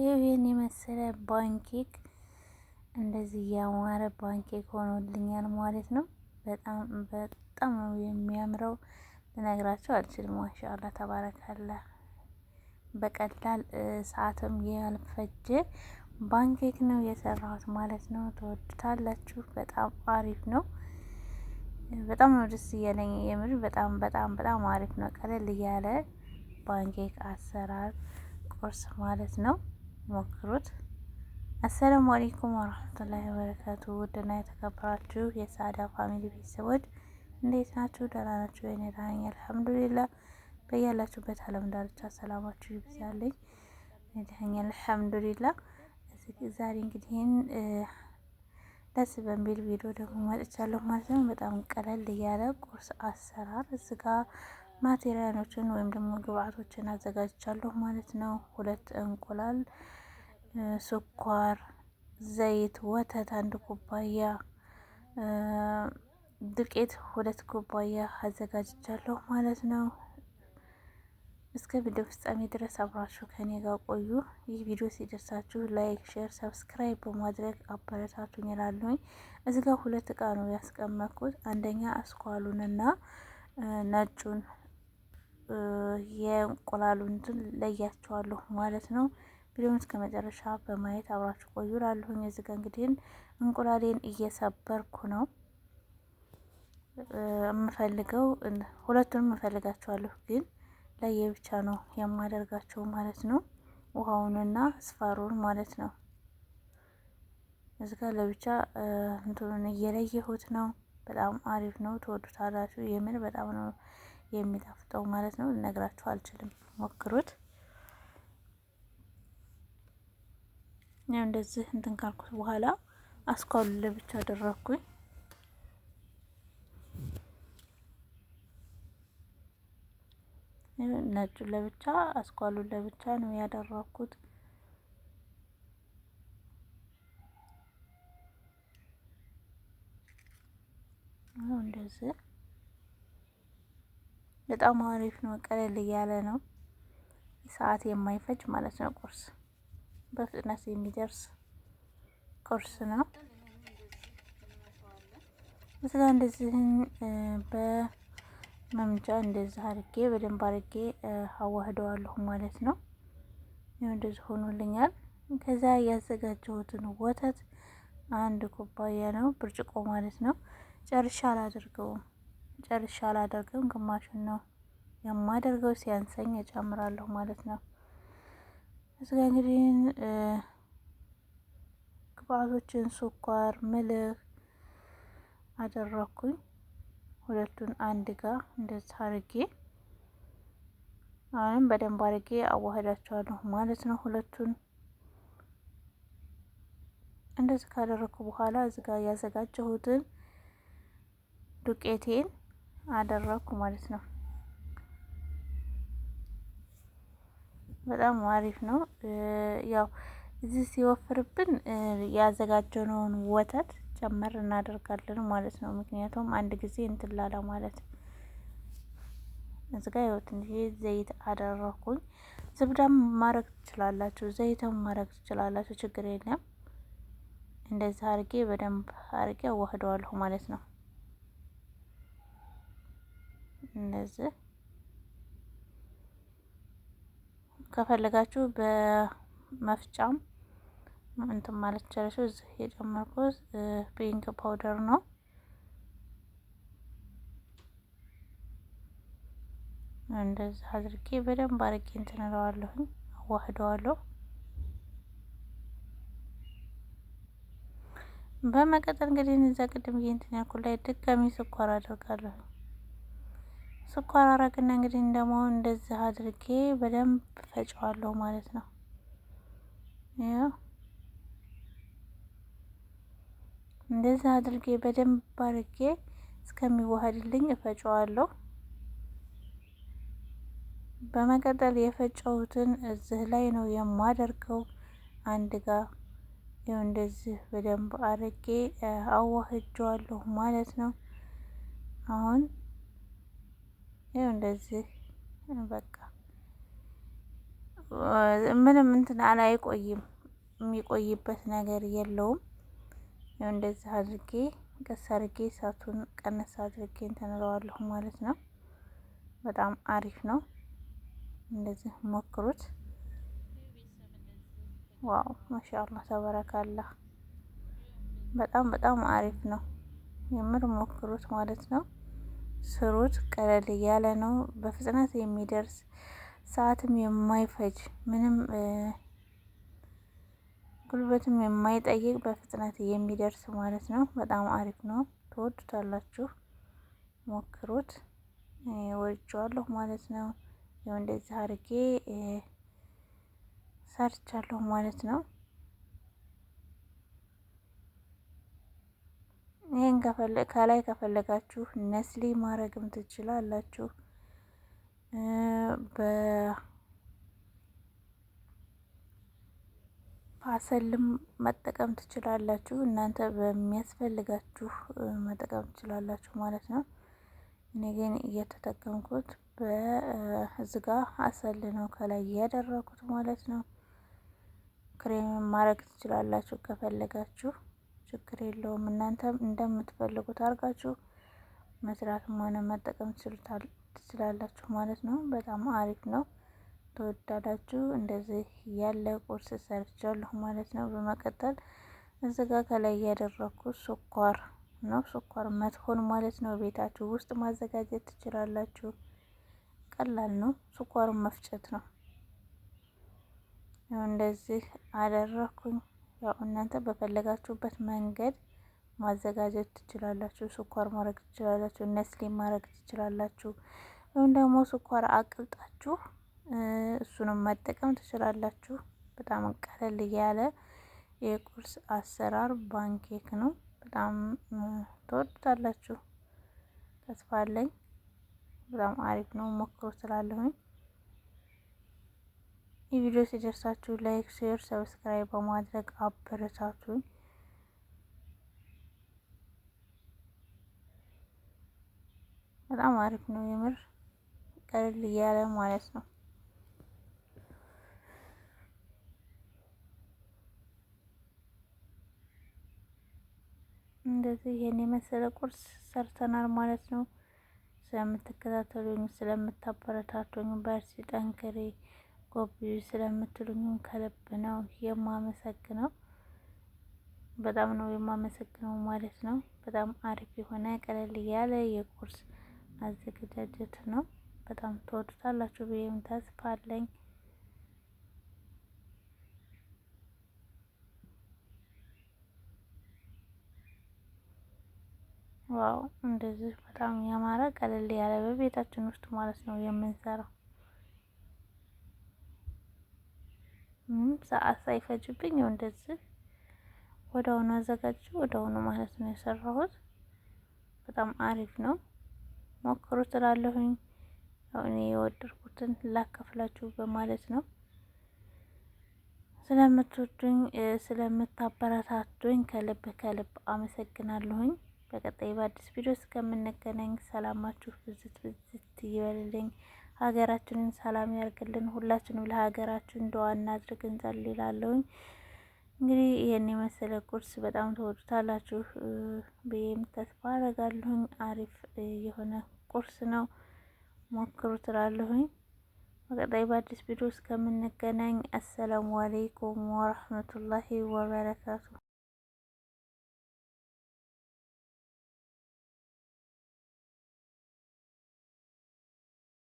ይኸው ይህን የመሰለ ባንኬክ እንደዚህ ያማረ ባንኬክ ሆኖልኛል ማለት ነው። በጣም በጣም ነው የሚያምረው። ልነግራቸው አልችልም። ማሻአላ ተባረካላ። በቀላል ሰዓትም ያልፈጀ ባንኬክ ነው የሰራሁት ማለት ነው። ተወድታላችሁ። በጣም አሪፍ ነው። በጣም ነው ደስ እያለኝ የምር በጣም በጣም በጣም አሪፍ ነው። ቀለል እያለ ባንኬክ አሰራር ቁርስ ማለት ነው። ሞክሩት። አሰላሙ አሌይኩም ወረህመቱላሂ ወበረካቱ። ውድና የተከበራችሁ የሳዳ ፋሚሊ ቤተሰቦች እንዴት ናችሁ? ደህና ናችሁ? የኔ ደህና ነኝ አልሐምዱሊላህ። በያላችሁበት አለም ዳርቻ ሰላማችሁ ይብዛልኝ። ደህና ነኝ ዛሬ እንግዲህ ደስ በሚል ቪዲዮ ደግሞ መጥቻለሁ ማለት ነው። በጣም ቀለል እያለ ቁርስ አሰራር እዚህ ማቴሪያሎችን ወይም ደግሞ ግብአቶችን አዘጋጅቻለሁ ማለት ነው። ሁለት እንቁላል ስኳር፣ ዘይት፣ ወተት አንድ ኩባያ፣ ዱቄት ሁለት ኩባያ አዘጋጅቻለሁ ማለት ነው። እስከ ቪዲዮ ፍጻሜ ድረስ አብራችሁ ከኔ ጋር ቆዩ። ይህ ቪዲዮ ሲደርሳችሁ ላይክ፣ ሼር፣ ሰብስክራይብ በማድረግ አበረታቱኝ እላለሁኝ። እዚህ ጋር ሁለት እቃ ነው ያስቀመጥኩት። አንደኛ አስኳሉንና ነጩን የእንቁላሉን ለያቸዋለሁ ማለት ነው። ቪዲዮውን እስከ መጨረሻ በማየት አብራችሁ ቆዩ እላለሁኝ። እዚህ ጋ እንግዲህ እንቁላሌን እየሰበርኩ ነው የምፈልገው ሁለቱንም እፈልጋቸዋለሁ፣ ግን ለየብቻ ነው የማደርጋቸው ማለት ነው። ውሃውንና ስፋሩን ማለት ነው። እዚጋ ለብቻ እንትኑን እየለየሁት ነው። በጣም አሪፍ ነው፣ ትወዱታላችሁ። የምን በጣም ነው የሚጣፍጠው ማለት ነው። ልነግራችሁ አልችልም፣ ሞክሩት። ያው እንደዚህ እንትን ካልኩት በኋላ አስኳሉ ለብቻ አደረኩኝ። ነጩ ለብቻ አስኳሉ ለብቻ ነው ያደረኩት። እንደዚህ በጣም አሪፍ ነው። ቀለል እያለ ነው፣ ሰዓት የማይፈጅ ማለት ነው ቁርስ በፍጥነት የሚደርስ ቁርስ ነው። ምስላ እንደዚህን በመምጫ እንደዚህ አድርጌ በደንብ አድርጌ አዋህደዋለሁ ማለት ነው። ይኸው እንደዚህ ሆኖልኛል። ከዛ ያዘጋጀሁትን ወተት አንድ ኩባያ ነው ብርጭቆ ማለት ነው። ጨርሻ አላደርገውም ጨርሻ አላደርገውም፣ ግማሹን ነው የማደርገው። ሲያንሰኝ እጨምራለሁ ማለት ነው። እዚህ ጋር እንግዲህ ግብአቶችን ስኳር፣ ምልህ አደረኩኝ። ሁለቱን አንድ ጋር እንደዚህ አርጌ አሁንም በደንብ አርጌ አዋህዳቸዋለሁ ማለት ነው። ሁለቱን እንደዚህ ካደረኩ በኋላ እዚህ ጋር ያዘጋጀሁትን ዱቄቴን አደረኩ ማለት ነው። በጣም አሪፍ ነው። ያው እዚህ ሲወፍርብን ያዘጋጀነውን ወተት ጨመር እናደርጋለን ማለት ነው። ምክንያቱም አንድ ጊዜ እንትን ላለ ማለት እዚጋ ጋር ያው ዘይት አደረኩኝ። ዝብዳም ማድረግ ትችላላችሁ፣ ዘይትም ማድረግ ትችላላችሁ፣ ችግር የለም። እንደዚህ አርጌ በደንብ አርጌ አዋህደዋለሁ ማለት ነው እንደዚህ ከፈለጋችሁ በመፍጫም እንትን ማለት ይቻላችሁ። እዚህ የጨመርኩት ቤኪንግ ፓውደር ነው። እንደዚህ አድርጌ በደንብ አድርጌ እንትን እለዋለሁኝ፣ አዋህደዋለሁ። በመቀጠል እንግዲህ እዛ ቅድም እንትን ያልኩት ላይ ድጋሚ ስኳር አድርጋለሁ። ስኳር አረግና እንግዲህ እንደመሆን እንደዚህ አድርጌ በደንብ ፈጨዋለሁ ማለት ነው። ያው እንደዚህ አድርጌ በደንብ አድርጌ እስከሚዋሃድልኝ እፈጨዋለሁ። በመቀጠል የፈጨሁትን እዚህ ላይ ነው የማደርገው። አንድ ጋር ይኸው እንደዚህ በደንብ አድርጌ አዋህጀዋለሁ ማለት ነው አሁን ይኸው እንደዚህ በቃ ምንም እንትን አይቆይም፣ የሚቆይበት ነገር የለውም። ይኸው እንደዚህ አድርጌ ቀስ አድርጌ እሳቱን ቀነስ አድርጌ እንትን እለዋለሁ ማለት ነው። በጣም አሪፍ ነው። እንደዚህ ሞክሩት። ዋው ማሻአላ ተበረካላህ። በጣም በጣም አሪፍ ነው። የምር ሞክሩት ማለት ነው። ስሩት ቀለል እያለ ነው በፍጥነት የሚደርስ ሰዓትም የማይፈጅ ምንም ጉልበትም የማይጠይቅ በፍጥነት የሚደርስ ማለት ነው። በጣም አሪፍ ነው። ትወዱታላችሁ፣ ሞክሩት። ወድጀዋለሁ ማለት ነው። እንደዚህ አድርጌ ሰርቻለሁ ማለት ነው። ይህን ከላይ ከፈለጋችሁ ነስሊ ማድረግም ትችላላችሁ። በፓሰልም መጠቀም ትችላላችሁ። እናንተ በሚያስፈልጋችሁ መጠቀም ትችላላችሁ ማለት ነው። እኔ ግን እየተጠቀምኩት በዝጋ አሰል ነው ከላይ እያደረኩት ማለት ነው። ክሬም ማድረግ ትችላላችሁ ከፈለጋችሁ ችግር የለውም። እናንተም እንደምትፈልጉት አድርጋችሁ መስራትም ሆነ መጠቀም ትችላላችሁ ማለት ነው። በጣም አሪፍ ነው። ተወዳዳችሁ እንደዚህ ያለ ቁርስ ሰርቻለሁ ማለት ነው። በመቀጠል እዚህ ከላይ ያደረኩት ስኳር ነው። ስኳር መትሆን ማለት ነው። ቤታችሁ ውስጥ ማዘጋጀት ትችላላችሁ። ቀላል ነው። ስኳር መፍጨት ነው። እንደዚህ አደረኩኝ። ያው እናንተ በፈለጋችሁበት መንገድ ማዘጋጀት ትችላላችሁ። ስኳር ማድረግ ትችላላችሁ፣ ነስሌ ማድረግ ትችላላችሁ። ወይም ደግሞ ስኳር አቅልጣችሁ እሱንም መጠቀም ትችላላችሁ። በጣም ቀለል ያለ የቁርስ አሰራር ባንኬክ ነው። በጣም ትወዱታላችሁ ተስፋ አለኝ። በጣም አሪፍ ነው፣ ሞክሮ ስላለሁኝ ይህ ቪዲዮ ሲደርሳችሁ ላይክ፣ ሼር፣ ሰብስክራይብ በማድረግ አበረታቱኝ። በጣም አሪፍ ነው የምር ቀለል እያለ ማለት ነው። እንደዚህ ይሄን የመሰለ ቁርስ ሰርተናል ማለት ነው። ስለምትከታተሉኝ፣ ስለምታበረታቱኝ በርሲ ጠንክሬ ጎብዩ ስለምትሉኝም ከልብ ነው የማመሰግነው። በጣም ነው የማመሰግነው ማለት ነው። በጣም አሪፍ የሆነ ቀለል ያለ የቁርስ አዘገጃጀት ነው። በጣም ትወዱታላችሁ ብዬም ተስፋ አለኝ። ዋው! እንደዚህ በጣም ያማረ ቀለል ያለ በቤታችን ውስጥ ማለት ነው የምንሰራው ሰዓት ሳይፈጅብኝ ያው እንደዚህ ወደአሁኑ አዘጋጅ ወደአሁኑ ማለት ነው የሰራሁት። በጣም አሪፍ ነው፣ ሞክሩት እላለሁኝ። ያው እኔ የወደድኩትን ላካፍላችሁ በማለት ነው። ስለምትወዱኝ ስለምታበረታቱኝ ከልብ ከልብ አመሰግናለሁኝ። በቀጣይ በአዲስ ቪዲዮ እስከምንገናኝ ሰላማችሁ ብዝት ብዝት ይበልልኝ። ሀገራችንን ሰላም ያርግልን። ሁላችንም ለሀገራችን ዱዓ እናድርግ እንጸልይ እንግዲህ ይህን የመሰለ ቁርስ በጣም ተወዱታላችሁ ብዬም ተስፋ አደርጋለሁኝ። አሪፍ የሆነ ቁርስ ነው፣ ሞክሩ ትላለሁኝ። በቀጣይ በአዲስ ቪዲዮ እስከምንገናኝ አሰላሙ አሌይኩም ወረህመቱላሂ ወበረካቱ።